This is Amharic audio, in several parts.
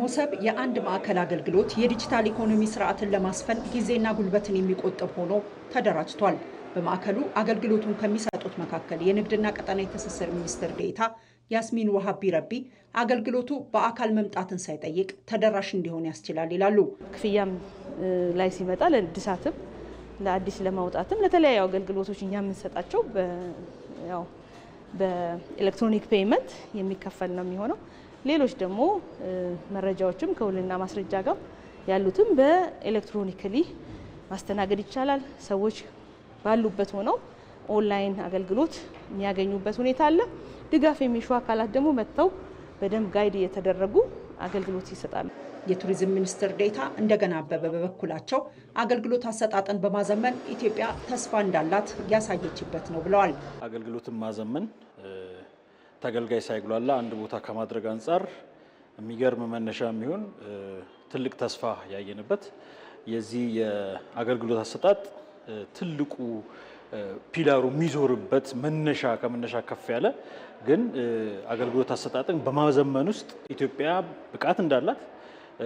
ሞሰብ የአንድ ማዕከል አገልግሎት የዲጂታል ኢኮኖሚ ስርዓትን ለማስፈን ጊዜና ጉልበትን የሚቆጥብ ሆኖ ተደራጅቷል። በማዕከሉ አገልግሎቱን ከሚሰጡት መካከል የንግድና ቀጠና ትስስር ሚኒስትር ዴኤታ ያስሚን ወሃቢ ረቢ አገልግሎቱ በአካል መምጣትን ሳይጠይቅ ተደራሽ እንዲሆን ያስችላል ይላሉ። ክፍያም ላይ ሲመጣ ለእድሳትም ለአዲስ ለማውጣትም ለተለያዩ አገልግሎቶች እኛ የምንሰጣቸው በኤሌክትሮኒክ ፔይመንት የሚከፈል ነው የሚሆነው ሌሎች ደግሞ መረጃዎችም ከውልና ማስረጃ ጋር ያሉትም በኤሌክትሮኒክሊ ማስተናገድ ይቻላል። ሰዎች ባሉበት ሆነው ኦንላይን አገልግሎት የሚያገኙበት ሁኔታ አለ። ድጋፍ የሚሹ አካላት ደግሞ መጥተው በደንብ ጋይድ እየተደረጉ አገልግሎት ይሰጣሉ። የቱሪዝም ሚኒስትር ዴታ እንደገና አበበ በበኩላቸው አገልግሎት አሰጣጥን በማዘመን ኢትዮጵያ ተስፋ እንዳላት ያሳየችበት ነው ብለዋል። አገልግሎትን ማዘመን ተገልጋይ ሳይጉላላ አንድ ቦታ ከማድረግ አንጻር የሚገርም መነሻ የሚሆን ትልቅ ተስፋ ያየንበት የዚህ የአገልግሎት አሰጣጥ ትልቁ ፒላሩ የሚዞርበት መነሻ ከመነሻ ከፍ ያለ ግን አገልግሎት አሰጣጥን በማዘመን ውስጥ ኢትዮጵያ ብቃት እንዳላት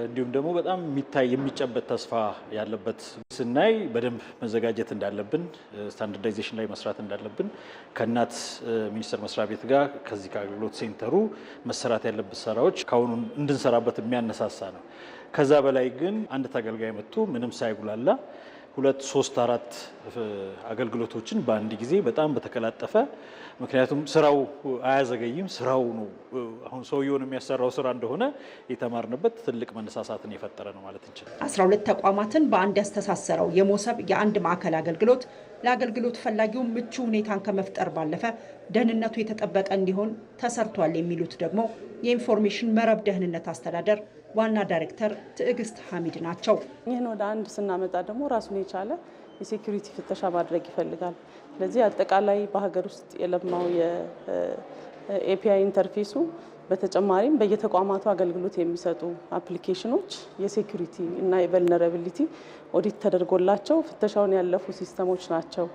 እንዲሁም ደግሞ በጣም የሚታይ የሚጨበት ተስፋ ያለበት ስናይ በደንብ መዘጋጀት እንዳለብን ስታንዳርዳይዜሽን ላይ መስራት እንዳለብን ከእናት ሚኒስቴር መስሪያ ቤት ጋር ከዚህ ከአገልግሎት ሴንተሩ መሰራት ያለበት ስራዎች ከአሁኑ እንድንሰራበት የሚያነሳሳ ነው። ከዛ በላይ ግን አንድ ተገልጋይ መጥቶ ምንም ሳይጉላላ ሁለት ሶስት አራት አገልግሎቶችን በአንድ ጊዜ በጣም በተቀላጠፈ ምክንያቱም ስራው አያዘገይም። ስራው ነው አሁን ሰውየውን የሚያሰራው ስራ እንደሆነ የተማርንበት ትልቅ መነሳሳትን የፈጠረ ነው ማለት እንችላለን። አስራ ሁለት ተቋማትን በአንድ ያስተሳሰረው የሞሰብ የአንድ ማዕከል አገልግሎት ለአገልግሎት ፈላጊው ምቹ ሁኔታን ከመፍጠር ባለፈ ደህንነቱ የተጠበቀ እንዲሆን ተሰርቷል የሚሉት ደግሞ የኢንፎርሜሽን መረብ ደህንነት አስተዳደር ዋና ዳይሬክተር ትዕግስት ሐሚድ ናቸው። ይህን ወደ አንድ ስናመጣ ደግሞ ራሱን የቻለ የሴኩሪቲ ፍተሻ ማድረግ ይፈልጋል። ስለዚህ አጠቃላይ በሀገር ውስጥ የለማው የኤፒአይ ኢንተርፌሱ በተጨማሪም በየተቋማቱ አገልግሎት የሚሰጡ አፕሊኬሽኖች የሴኩሪቲ እና የቨልነራቢሊቲ ኦዲት ተደርጎላቸው ፍተሻውን ያለፉ ሲስተሞች ናቸው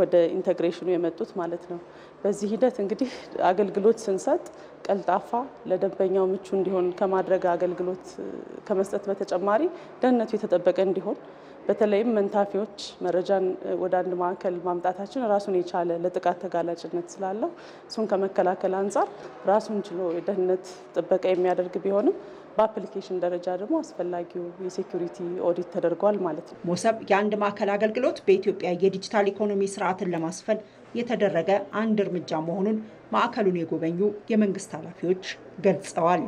ወደ ኢንተግሬሽኑ የመጡት ማለት ነው። በዚህ ሂደት እንግዲህ አገልግሎት ስንሰጥ ቀልጣፋ ለደንበኛው ምቹ እንዲሆን ከማድረግ አገልግሎት ከመስጠት በተጨማሪ ደህንነቱ የተጠበቀ እንዲሆን በተለይም መንታፊዎች መረጃን ወደ አንድ ማዕከል ማምጣታችን ራሱን የቻለ ለጥቃት ተጋላጭነት ስላለው እሱን ከመከላከል አንጻር ራሱን ችሎ የደህንነት ጥበቃ የሚያደርግ ቢሆንም በአፕሊኬሽን ደረጃ ደግሞ አስፈላጊው የሴኩሪቲ ኦዲት ተደርጓል ማለት ነው። ሞሰብ የአንድ ማዕከል አገልግሎት በኢትዮጵያ የዲጂታል ኢኮኖሚ ስርዓትን ለማስፈን የተደረገ አንድ እርምጃ መሆኑን ማዕከሉን የጎበኙ የመንግስት ኃላፊዎች ገልጸዋል።